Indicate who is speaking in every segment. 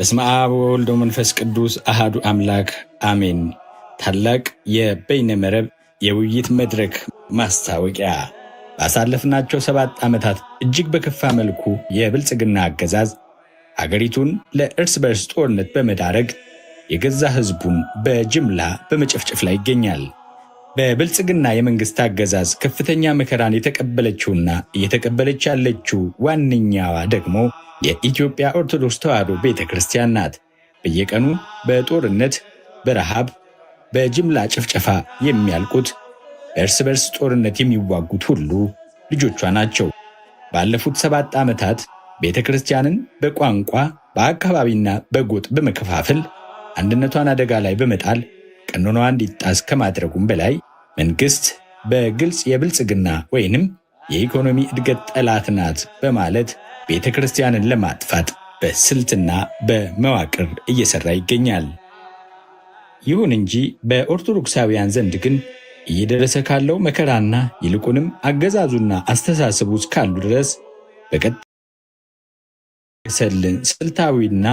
Speaker 1: በስመ አብ ወወልድ ወመንፈስ ቅዱስ አሃዱ አምላክ አሜን። ታላቅ የበይነ መረብ የውይይት መድረክ ማስታወቂያ። ባሳለፍናቸው ሰባት ዓመታት እጅግ በከፋ መልኩ የብልጽግና አገዛዝ አገሪቱን ለእርስ በርስ ጦርነት በመዳረግ የገዛ ሕዝቡን በጅምላ በመጨፍጨፍ ላይ ይገኛል። በብልጽግና የመንግሥት አገዛዝ ከፍተኛ መከራን የተቀበለችውና እየተቀበለች ያለችው ዋነኛዋ ደግሞ የኢትዮጵያ ኦርቶዶክስ ተዋሕዶ ቤተ ክርስቲያን ናት። በየቀኑ በጦርነት በረሃብ፣ በጅምላ ጭፍጨፋ የሚያልቁት በእርስ በርስ ጦርነት የሚዋጉት ሁሉ ልጆቿ ናቸው። ባለፉት ሰባት ዓመታት ቤተ ክርስቲያንን በቋንቋ በአካባቢና በጎጥ በመከፋፈል አንድነቷን አደጋ ላይ በመጣል ቀኖኗ እንዲጣስ ከማድረጉም በላይ መንግሥት በግልጽ የብልጽግና ወይንም የኢኮኖሚ እድገት ጠላት ናት በማለት ቤተ ክርስቲያንን ለማጥፋት በስልትና በመዋቅር እየሰራ ይገኛል። ይሁን እንጂ በኦርቶዶክሳውያን ዘንድ ግን እየደረሰ ካለው መከራና ይልቁንም አገዛዙና አስተሳሰቡ እስካሉ ድረስ በቀሰልን ስልታዊና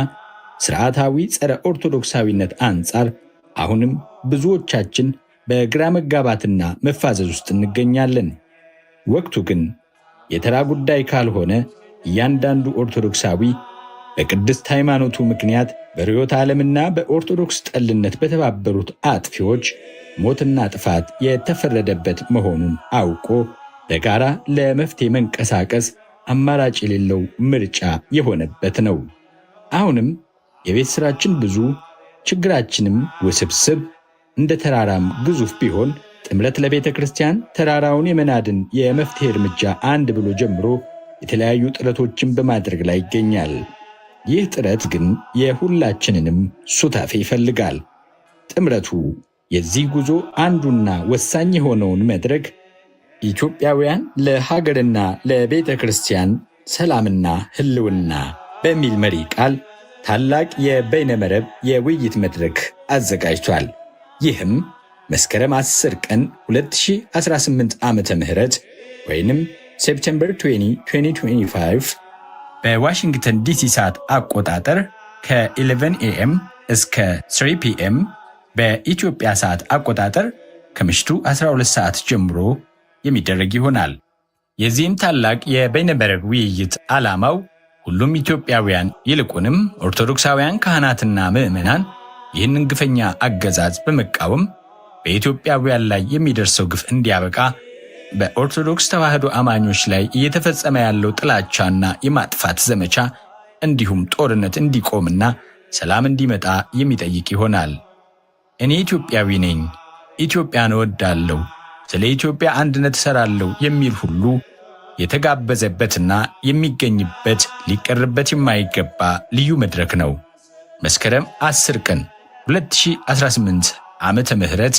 Speaker 1: ስርዓታዊ ጸረ ኦርቶዶክሳዊነት አንጻር አሁንም ብዙዎቻችን በግራ መጋባትና መፋዘዝ ውስጥ እንገኛለን። ወቅቱ ግን የተራ ጉዳይ ካልሆነ እያንዳንዱ ኦርቶዶክሳዊ በቅድስት ሃይማኖቱ ምክንያት በርዮት ዓለምና በኦርቶዶክስ ጠልነት በተባበሩት አጥፊዎች ሞትና ጥፋት የተፈረደበት መሆኑን አውቆ በጋራ ለመፍትሄ መንቀሳቀስ አማራጭ የሌለው ምርጫ የሆነበት ነው። አሁንም የቤት ሥራችን ብዙ፣ ችግራችንም ውስብስብ፣ እንደ ተራራም ግዙፍ ቢሆን ጥምረት ለቤተ ክርስቲያን ተራራውን የመናድን የመፍትሄ እርምጃ አንድ ብሎ ጀምሮ የተለያዩ ጥረቶችን በማድረግ ላይ ይገኛል። ይህ ጥረት ግን የሁላችንንም ሱታፌ ይፈልጋል። ጥምረቱ የዚህ ጉዞ አንዱና ወሳኝ የሆነውን መድረክ ኢትዮጵያውያን ለሀገርና ለቤተ ክርስቲያን ሰላምና ሕልውና በሚል መሪ ቃል ታላቅ የበይነመረብ የውይይት መድረክ አዘጋጅቷል። ይህም መስከረም 10 ቀን 2018 ዓመተ ምህረት ወይንም ሴፕቴምበር 2025 በዋሽንግተን ዲሲ ሰዓት አቆጣጠር ከ11 ኤኤም እስከ 3 ፒኤም በኢትዮጵያ ሰዓት አቆጣጠር ከምሽቱ 12 ሰዓት ጀምሮ የሚደረግ ይሆናል። የዚህም ታላቅ የበይነመረብ ውይይት ዓላማው ሁሉም ኢትዮጵያውያን ይልቁንም ኦርቶዶክሳውያን ካህናትና ምዕመናን ይህንን ግፈኛ አገዛዝ በመቃወም በኢትዮጵያውያን ላይ የሚደርሰው ግፍ እንዲያበቃ በኦርቶዶክስ ተዋህዶ አማኞች ላይ እየተፈጸመ ያለው ጥላቻና የማጥፋት ዘመቻ እንዲሁም ጦርነት እንዲቆምና ሰላም እንዲመጣ የሚጠይቅ ይሆናል። እኔ ኢትዮጵያዊ ነኝ፣ ኢትዮጵያን እወዳለሁ፣ ስለ ኢትዮጵያ አንድነት እሰራለሁ የሚል ሁሉ የተጋበዘበትና የሚገኝበት ሊቀርበት የማይገባ ልዩ መድረክ ነው። መስከረም 10 ቀን 2018 ዓመተ ምህረት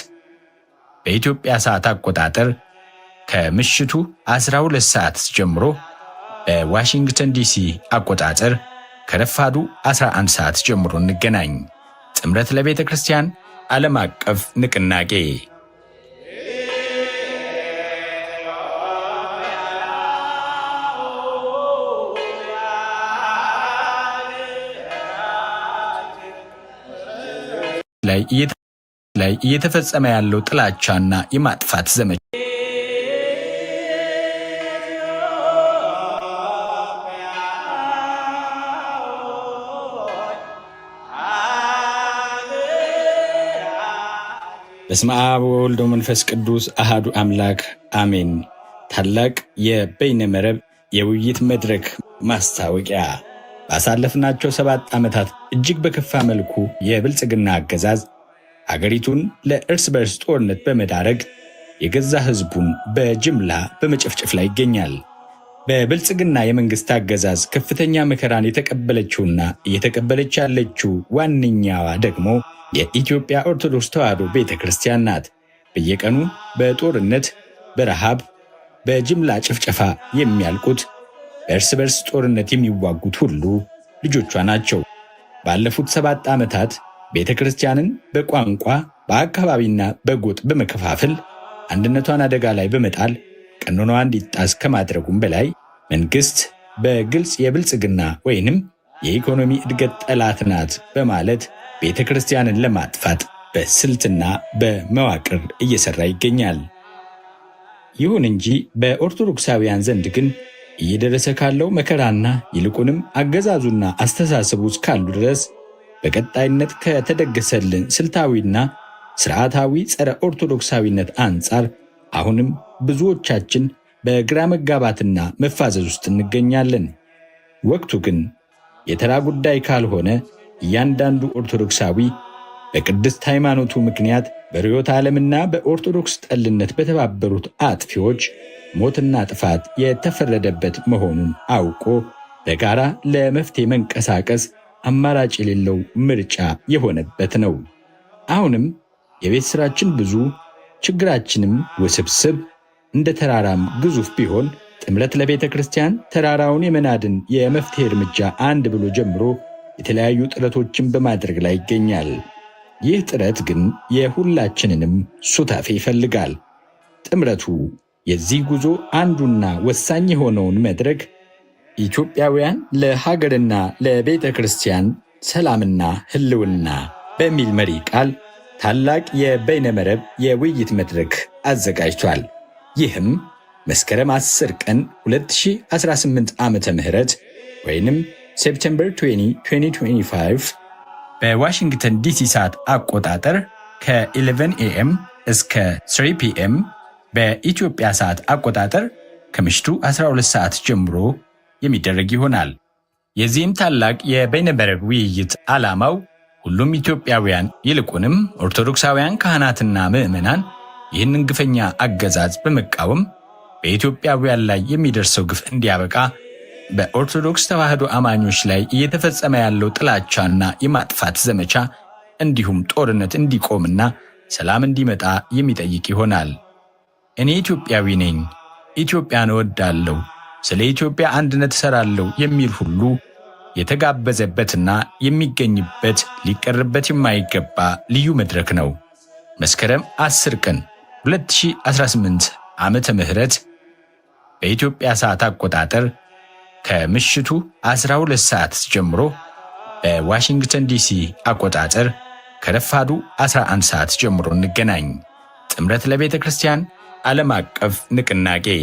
Speaker 1: በኢትዮጵያ ሰዓት አቆጣጠር ከምሽቱ 12 ሰዓት ጀምሮ በዋሽንግተን ዲሲ አቆጣጠር ከረፋዱ 11 ሰዓት ጀምሮ እንገናኝ። ጥምረት ለቤተ ክርስቲያን ዓለም አቀፍ ንቅናቄ ላይ እየተፈጸመ ያለው ጥላቻና የማጥፋት ዘመቻ በስመ አብ ወወልድ ወመንፈስ ቅዱስ አሃዱ አምላክ አሜን። ታላቅ የበይነ መረብ የውይይት መድረክ ማስታወቂያ። ባሳለፍናቸው ሰባት ዓመታት እጅግ በከፋ መልኩ የብልጽግና አገዛዝ አገሪቱን ለእርስ በርስ ጦርነት በመዳረግ የገዛ ሕዝቡን በጅምላ በመጨፍጨፍ ላይ ይገኛል። በብልጽግና የመንግሥት አገዛዝ ከፍተኛ መከራን የተቀበለችውና እየተቀበለች ያለችው ዋነኛዋ ደግሞ የኢትዮጵያ ኦርቶዶክስ ተዋሕዶ ቤተ ክርስቲያን ናት። በየቀኑ በጦርነት በረሃብ፣ በጅምላ ጭፍጨፋ የሚያልቁት በእርስ በርስ ጦርነት የሚዋጉት ሁሉ ልጆቿ ናቸው። ባለፉት ሰባት ዓመታት ቤተ ክርስቲያንን በቋንቋ በአካባቢና በጎጥ በመከፋፈል አንድነቷን አደጋ ላይ በመጣል ቀኖኗ እንዲጣስ ከማድረጉም በላይ መንግሥት በግልጽ የብልጽግና ወይንም የኢኮኖሚ እድገት ጠላት ናት በማለት ቤተ ክርስቲያንን ለማጥፋት በስልትና በመዋቅር እየሰራ ይገኛል። ይሁን እንጂ በኦርቶዶክሳውያን ዘንድ ግን እየደረሰ ካለው መከራና ይልቁንም አገዛዙና አስተሳሰቡ እስካሉ ድረስ በቀጣይነት ከተደገሰልን ስልታዊና ስርዓታዊ ጸረ ኦርቶዶክሳዊነት አንጻር አሁንም ብዙዎቻችን በግራ መጋባትና መፋዘዝ ውስጥ እንገኛለን። ወቅቱ ግን የተራ ጉዳይ ካልሆነ እያንዳንዱ ኦርቶዶክሳዊ በቅድስት ሃይማኖቱ ምክንያት በርዮት ዓለምና በኦርቶዶክስ ጠልነት በተባበሩት አጥፊዎች ሞትና ጥፋት የተፈረደበት መሆኑን አውቆ በጋራ ለመፍትሄ መንቀሳቀስ አማራጭ የሌለው ምርጫ የሆነበት ነው። አሁንም የቤት ሥራችን ብዙ፣ ችግራችንም ውስብስብ፣ እንደ ተራራም ግዙፍ ቢሆን ጥምረት ለቤተ ክርስቲያን ተራራውን የመናድን የመፍትሄ እርምጃ አንድ ብሎ ጀምሮ የተለያዩ ጥረቶችን በማድረግ ላይ ይገኛል። ይህ ጥረት ግን የሁላችንንም ሱታፌ ይፈልጋል። ጥምረቱ የዚህ ጉዞ አንዱና ወሳኝ የሆነውን መድረክ ኢትዮጵያውያን ለሀገርና ለቤተ ክርስቲያን ሰላምና ሕልውና በሚል መሪ ቃል ታላቅ የበይነመረብ የውይይት መድረክ አዘጋጅቷል። ይህም መስከረም 10 ቀን 2018 ዓመተ ምህረት ወይንም ሴፕቴምበር 2025 በዋሽንግተን ዲሲ ሰዓት አቆጣጠር ከ11 ኤኤም እስከ 3 ፒኤም በኢትዮጵያ ሰዓት አቆጣጠር ከምሽቱ 12 ሰዓት ጀምሮ የሚደረግ ይሆናል። የዚህም ታላቅ የበይነመረብ ውይይት ዓላማው ሁሉም ኢትዮጵያውያን ይልቁንም ኦርቶዶክሳውያን ካህናትና ምዕመናን ይህንን ግፈኛ አገዛዝ በመቃወም በኢትዮጵያውያን ላይ የሚደርሰው ግፍ እንዲያበቃ በኦርቶዶክስ ተዋህዶ አማኞች ላይ እየተፈጸመ ያለው ጥላቻና የማጥፋት ዘመቻ እንዲሁም ጦርነት እንዲቆምና ሰላም እንዲመጣ የሚጠይቅ ይሆናል። እኔ ኢትዮጵያዊ ነኝ፣ ኢትዮጵያን እወዳለሁ፣ ስለ ኢትዮጵያ አንድነት እሰራለሁ የሚል ሁሉ የተጋበዘበትና የሚገኝበት ሊቀርበት የማይገባ ልዩ መድረክ ነው። መስከረም 10 ቀን 2018 ዓመተ ምህረት በኢትዮጵያ ሰዓት አቆጣጠር ከምሽቱ 12 ሰዓት ጀምሮ በዋሽንግተን ዲሲ አቆጣጠር ከረፋዱ 11 ሰዓት ጀምሮ እንገናኝ። ጥምረት ለቤተ ክርስቲያን ዓለም አቀፍ ንቅናቄ